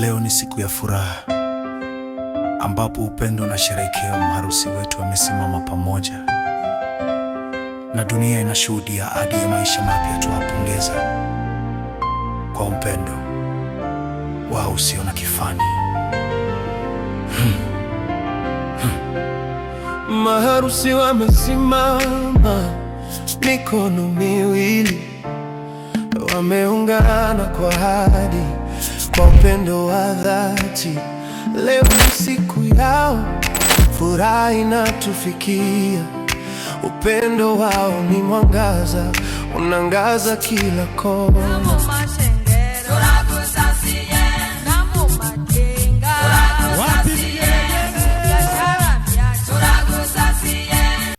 Leo ni siku ya furaha ambapo upendo unasherehekea maharusi wetu wamesimama pamoja, na dunia inashuhudia ahadi ya maisha mapya. Tunawapongeza kwa upendo wao usio na kifani. Hmm. Hmm. Maharusi wamesimama mikono miwili, wameungana kwa ahadi kwa upendo wa dhati. Leo ni siku yao, furaha inatufikia. Upendo wao ni mwangaza, unangaza kila kona.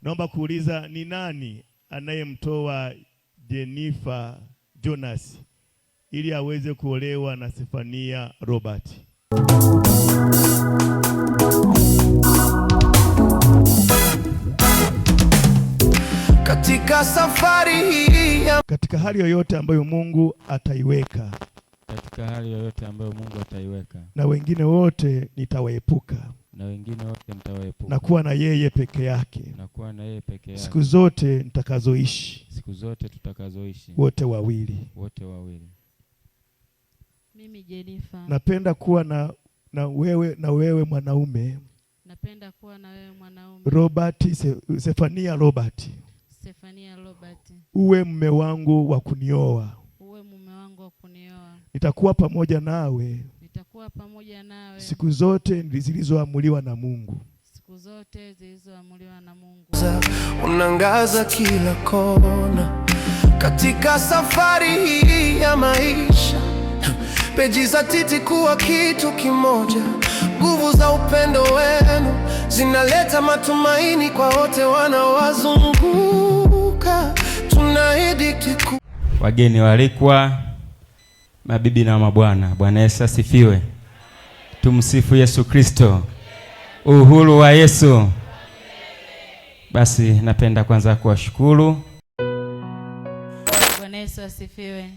Naomba kuuliza, ni nani anayemtoa Jenifer Jonas? ili aweze kuolewa na Sefania Robert. Katika safari hii, ya... katika hali yoyote ambayo Mungu ataiweka, katika hali yoyote ambayo Mungu ataiweka, na wengine wote nitawaepuka na wengine wote mtawaepuka, na kuwa na yeye peke yake, na kuwa na yeye peke yake siku zote nitakazoishi, siku zote tutakazoishi, wote wawili, wote wawili. Mimi Jennifer. Napenda kuwa na, na wewe na wewe mwanaume. Napenda kuwa na wewe mwanaume. Robert Stefania Robert. Stefania Robert. Uwe mume wangu wa kunioa. Uwe mume wangu wa kunioa. Nitakuwa pamoja nawe. Nitakuwa pamoja nawe. Siku zote zilizoamuliwa na Mungu. Siku zote zilizoamuliwa na Mungu. Unangaza kila kona katika safari hii ya maisha peji za titi kuwa kitu kimoja. Nguvu za upendo wenu zinaleta matumaini kwa wote wanaowazunguka. Tunaahidi kiku. Wageni walikwa, mabibi na mabwana, Bwana Yesu asifiwe. Tumsifu Yesu Kristo. Uhuru wa Yesu. Basi napenda kwanza kuwashukuru. Bwana Yesu asifiwe.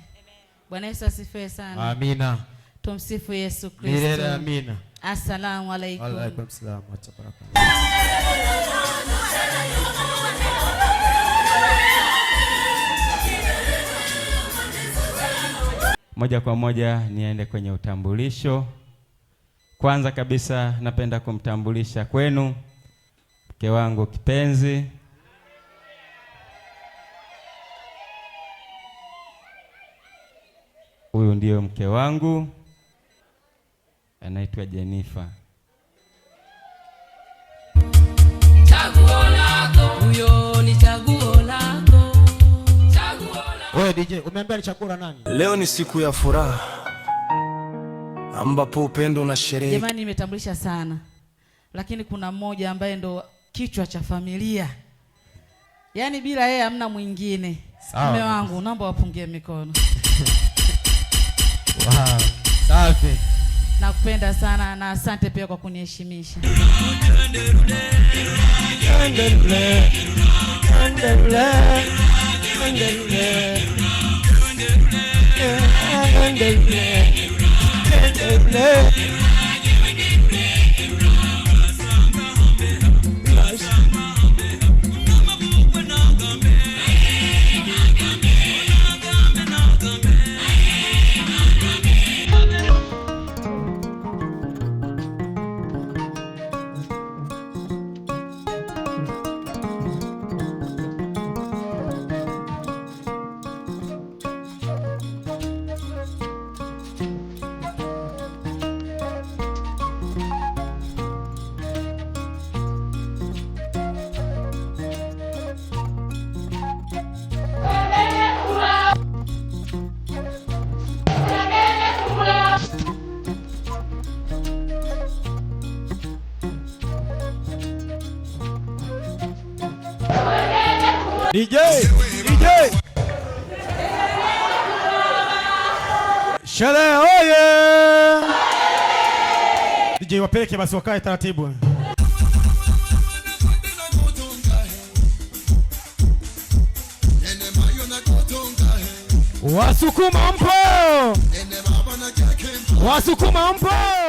Bwana Yesu asifiwe sana. Amina. Tumsifu Yesu Kristo. Milele amina. Asalamu alaykum. Wa alaykum salaam wa barakatuh. Moja kwa moja niende kwenye utambulisho. Kwanza kabisa napenda kumtambulisha kwenu mke wangu kipenzi huyu ndiyo mke wangu, anaitwa Jenifa. Wewe DJ, umeambia ni chaguo la nani? Leo ni siku ya furaha ambapo upendo na sherehe. Jamani, nimetambulisha sana, lakini kuna mmoja ambaye ndo kichwa cha familia, yaani bila yeye hamna mwingine. Mume wangu, naomba wapungie mikono safi. Nakupenda sana na asante pia kwa kuniheshimisha. DJ DJ Shale oye! DJ wapeleke basi wakae taratibu. Wasukuma mpo! Wasukuma mpo!